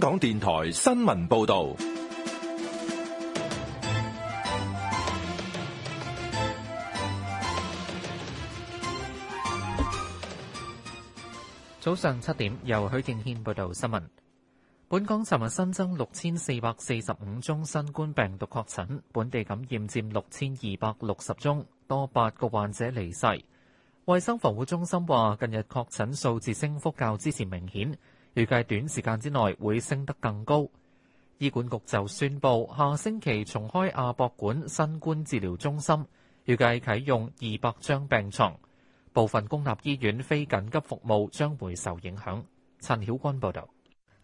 香港電台新聞報道，早上七點由許敬軒報道新聞。本港尋日新增六千四百四十五宗新冠病毒確診，本地感染佔六千二百六十宗，多八個患者離世。衛生防護中心話，近日確診數字升幅較之前明顯。預計短時間之內會升得更高。醫管局就宣佈下星期重開亞博館新冠治療中心，預計啟用二百張病床。部分公立醫院非緊急服務將會受影響。陳曉君報導。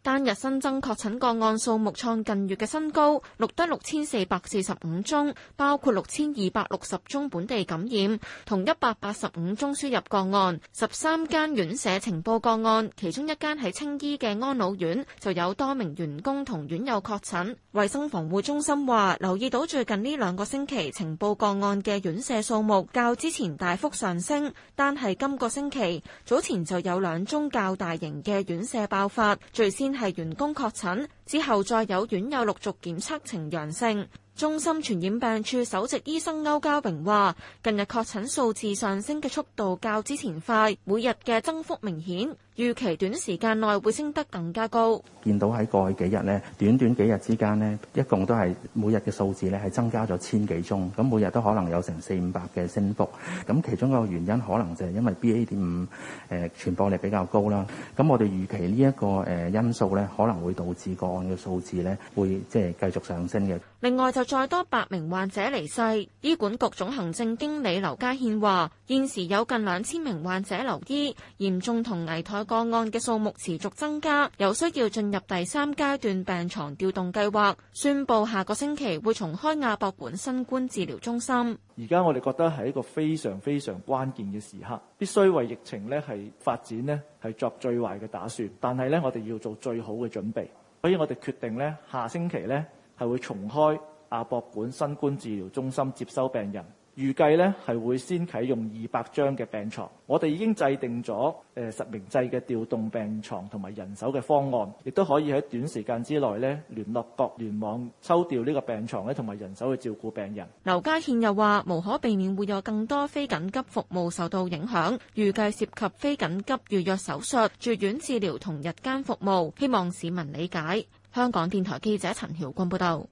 單日新增確診個案數目創近月嘅新高，錄得六千四百四十五宗，包括六千二百六十宗本地感染同一百八十五宗輸入個案。十三間院舍情報個案，其中一間喺青衣嘅安老院就有多名員工同院友確診。衛生防護中心話留意到最近呢兩個星期情報個案嘅院舍數目較之前大幅上升，但係今個星期早前就有兩宗較大型嘅院舍爆發，最先。係員工確診之後，再有院友陸續檢測呈陽性。中心傳染病處首席醫生歐家榮話，近日確診數字上升嘅速度較之前快，每日嘅增幅明顯。預期短時間內會升得更加高。見到喺過去幾日呢，短短幾日之間呢，一共都係每日嘅數字呢係增加咗千幾宗，咁每日都可能有成四五百嘅升幅。咁其中一個原因可能就係因為 BA 點五誒傳播力比較高啦。咁我哋預期呢一個誒因素呢，可能會導致個案嘅數字呢會即係繼續上升嘅。另外就再多百名患者離世，醫管局總行政經理劉家獻話：現時有近兩千名患者留醫，嚴重同危殆。個案嘅數目持續增加，有需要進入第三階段病牀調動計劃。宣布下個星期會重開亞博館新冠治療中心。而家我哋覺得係一個非常非常關鍵嘅時刻，必須為疫情咧係發展咧係作最壞嘅打算。但係咧我哋要做最好嘅準備，所以我哋決定咧下星期咧係會重開亞博館新冠治療中心接收病人。預計咧係會先啟用二百張嘅病牀，我哋已經制定咗誒實名制嘅調動病牀同埋人手嘅方案，亦都可以喺短時間之內咧聯絡各聯網抽調呢個病牀咧同埋人手去照顧病人。劉家慶又話：無可避免會有更多非緊急服務受到影響，預計涉及非緊急預約手術、住院治療同日間服務，希望市民理解。香港電台記者陳曉君報導。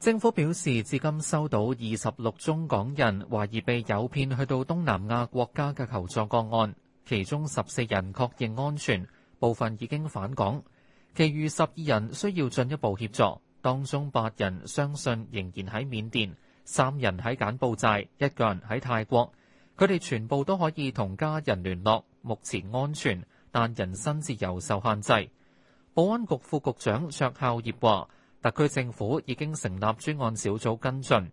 政府表示，至今收到二十六宗港人懷疑被誘騙去到東南亞國家嘅求助個案，其中十四人確認安全，部分已經返港，其餘十二人需要進一步協助。當中八人相信仍然喺緬甸，三人喺柬埔寨，一個人喺泰國，佢哋全部都可以同家人聯絡，目前安全，但人身自由受限制。保安局副局長卓孝業話。特區政府已經成立專案小組跟進。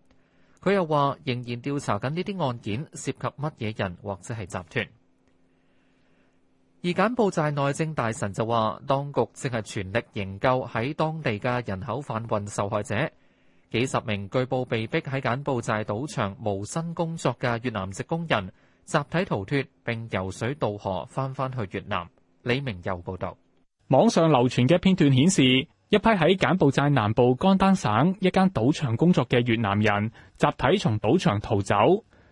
佢又話仍然調查緊呢啲案件涉及乜嘢人或者係集團。而柬埔寨內政大臣就話，當局正係全力營救喺當地嘅人口販運受害者。幾十名據報被逼喺柬埔寨賭場無薪工作嘅越南籍工人，集體逃脫並游水渡河返返去越南。李明佑報導，網上流傳嘅片段顯示。一批喺柬埔寨南部干丹省一間賭場工作嘅越南人，集體從賭場逃走。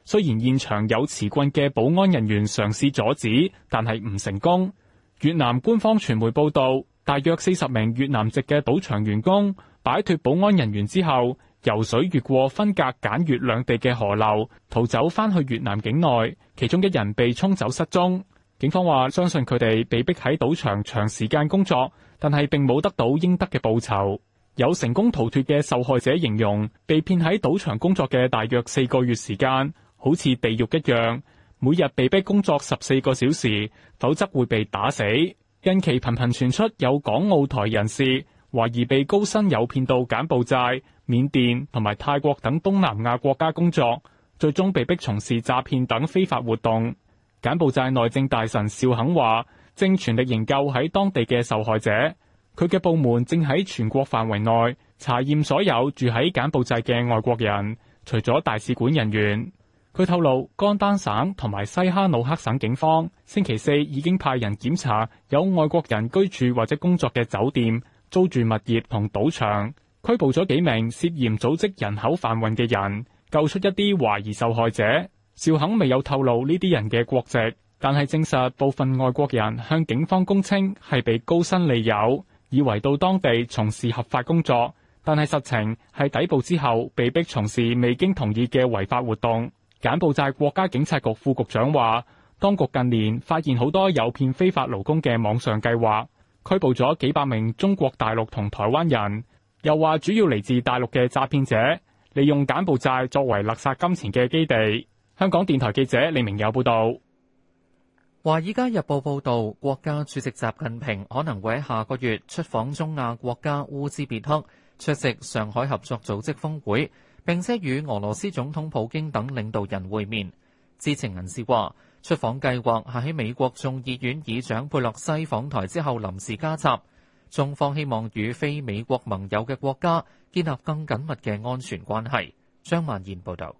雖然現場有持棍嘅保安人員嘗試阻止，但係唔成功。越南官方傳媒報道，大約四十名越南籍嘅賭場員工擺脫保安人員之後，游水越過分隔柬越兩地嘅河流，逃走翻去越南境內。其中一人被沖走失蹤。警方話相信佢哋被逼喺賭場長時間工作。但係並冇得到應得嘅報酬。有成功逃脫嘅受害者形容，被騙喺賭場工作嘅大約四個月時間，好似地獄一樣，每日被逼工作十四個小時，否則會被打死。近期頻頻傳出有港澳台人士懷疑被高薪誘騙到柬埔寨、緬甸同埋泰國等東南亞國家工作，最終被逼從事詐騙等非法活動。柬埔寨內政大臣邵肯話：正全力營救喺當地嘅受害者，佢嘅部門正喺全國範圍內查驗所有住喺柬埔寨嘅外國人，除咗大使館人員。佢透露，干丹省同埋西哈努克省警方星期四已經派人檢查有外國人居住或者工作嘅酒店、租住物業同賭場，拘捕咗幾名涉嫌組織人口販運嘅人，救出一啲懷疑受害者。邵肯未有透露呢啲人嘅國籍。但係證實，部分外國人向警方供稱係被高薪利誘，以為到當地從事合法工作。但係實情係逮捕之後，被逼從事未經同意嘅違法活動。柬埔寨國家警察局副局長話，當局近年發現好多誘騙非法勞工嘅網上計劃，拘捕咗幾百名中國大陸同台灣人。又話主要嚟自大陸嘅詐騙者，利用柬埔寨作為勒殺金錢嘅基地。香港電台記者李明友報道。《華爾街日報》報道，國家主席習近平可能會喺下個月出訪中亞國家烏茲別克，出席上海合作組織峰會，並且與俄羅斯總統普京等領導人會面。知情人士話，出訪計劃係喺美國眾議院議長佩洛西訪台之後臨時加插，中方希望與非美國盟友嘅國家建立更緊密嘅安全關係。張曼燕報道。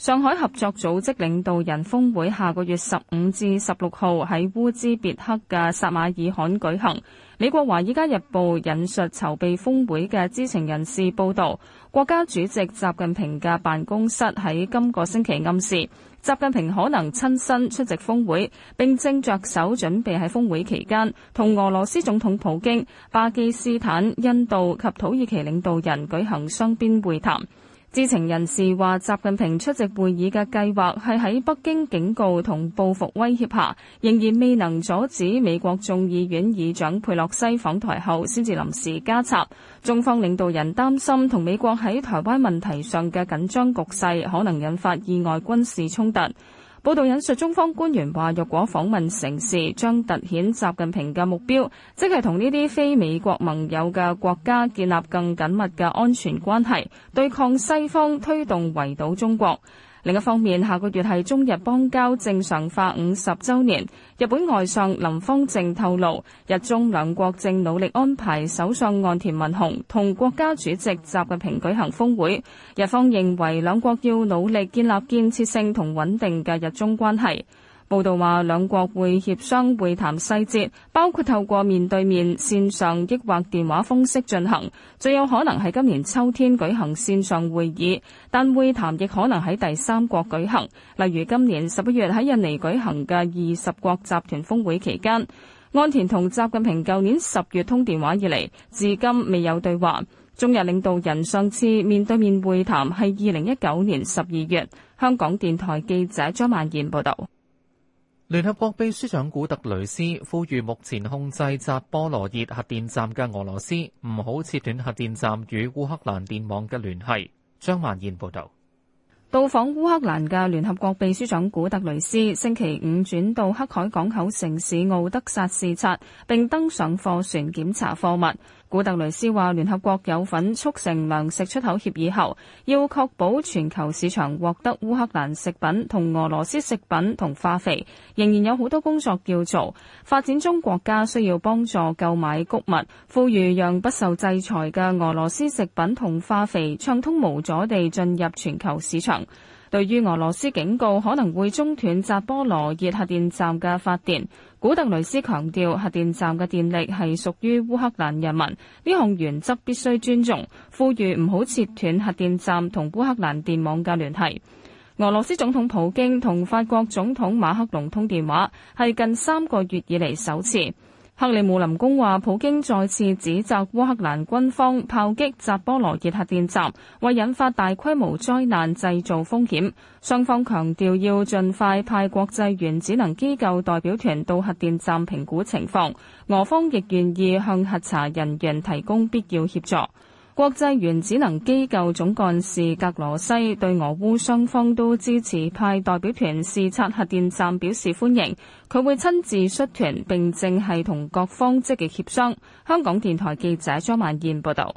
上海合作組織領導人峰會下個月十五至十六號喺烏茲別克嘅撒馬爾罕舉行。美國《華爾街日報》引述籌備峰會嘅知情人士報道，國家主席習近平嘅辦公室喺今個星期暗示，習近平可能親身出席峰會，並正着手準備喺峰會期間同俄羅斯總統普京、巴基斯坦、印度及土耳其領導人舉行雙邊會談。知情人士話，習近平出席會議嘅計劃係喺北京警告同報復威脅下，仍然未能阻止美國眾議院議長佩洛西訪台後，先至臨時加插。中方領導人擔心同美國喺台灣問題上嘅緊張局勢，可能引發意外軍事衝突。報道引述中方官員話，若果訪問成事，將突顯習近平嘅目標，即係同呢啲非美國盟友嘅國家建立更緊密嘅安全關係，對抗西方推動圍堵中國。另一方面，下個月係中日邦交正常化五十周年，日本外相林芳正透露，日中兩國正努力安排首相岸田文雄同國家主席習近平舉行峰會，日方認為兩國要努力建立建設性同穩定嘅日中關係。報道話，兩國會協商會談細節，包括透過面對面、線上抑或電話方式進行。最有可能係今年秋天舉行線上會議，但會談亦可能喺第三國舉行，例如今年十一月喺印尼舉行嘅二十國集團峰會期間。岸田同習近平舊年十月通電話以嚟，至今未有對話。中日領導人上次面對面會談係二零一九年十二月。香港電台記者張曼燕報道。聯合國秘書長古特雷斯呼籲目前控制扎波羅熱核電站嘅俄羅斯唔好切斷核電站與烏克蘭電網嘅聯繫。張萬燕報道。到訪烏克蘭嘅聯合國秘書長古特雷斯星期五轉到黑海港口城市敖德薩視察，並登上貨船檢查貨物。古特雷斯話：聯合國有份促成糧食出口協議後，要確保全球市場獲得烏克蘭食品同俄羅斯食品同化肥，仍然有好多工作要做。發展中國家需要幫助購買穀物，呼籲讓不受制裁嘅俄羅斯食品同化肥暢通無阻地進入全球市場。對於俄羅斯警告可能會中斷扎波羅熱核電站嘅發電，古特雷斯強調核電站嘅電力係屬於烏克蘭人民，呢項原則必須尊重，呼籲唔好切斷核電站同烏克蘭電網嘅聯繫。俄羅斯總統普京同法國總統馬克龍通電話，係近三個月以嚟首次。克里姆林宮話，普京再次指責烏克蘭軍方炮擊扎波羅熱核電站，為引發大規模災難製造風險。雙方強調要儘快派國際原子能機構代表團到核電站評估情況，俄方亦願意向核查人員提供必要協助。國際原子能機構總幹事格羅西對俄烏雙方都支持派代表團視察核電站表示歡迎。佢會親自率團，並正係同各方積極協商。香港電台記者張曼燕報道。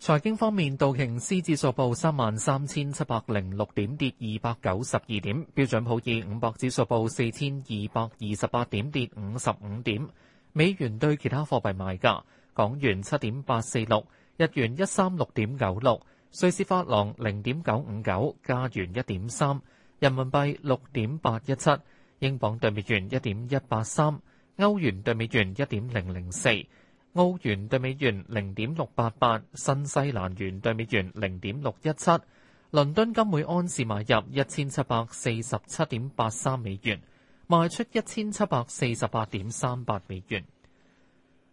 財經方面，道瓊斯指數報三萬三千七百零六點，跌二百九十二點；標準普爾五百指數報四千二百二十八點，跌五十五點。美元對其他貨幣賣價，港元七點八四六。日元一三六點九六，瑞士法郎零點九五九，加元一點三，人民幣六點八一七，英鎊對美元一點一八三，歐元對美元一點零零四，澳元對美元零點六八八，新西蘭元對美元零點六一七。倫敦金每安士買入一千七百四十七點八三美元，賣出一千七百四十八點三八美元。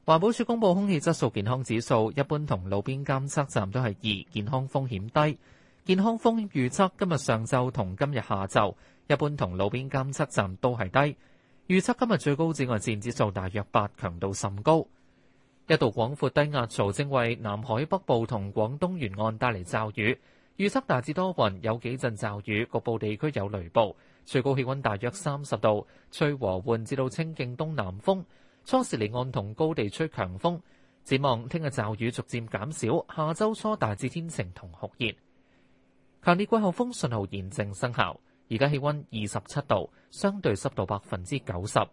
環保署公布空氣質素健康指數，一般同路邊監測站都係二，健康風險低。健康風險預測今日上晝同今日下晝，一般同路邊監測站都係低。預測今日最高紫外線指數大約八，強度甚高。一道廣闊低壓槽正為南海北部同廣東沿岸帶嚟驟雨，預測大致多雲，有幾陣驟雨，局部地區有雷暴。最高氣溫大約三十度，吹和緩至到清勁東南風。初時離岸同高地吹強風，展望聽日驟雨逐漸減,減少，下周初大致天晴同酷熱。強烈季候風信號現正生效，而家氣温二十七度，相對濕度百分之九十。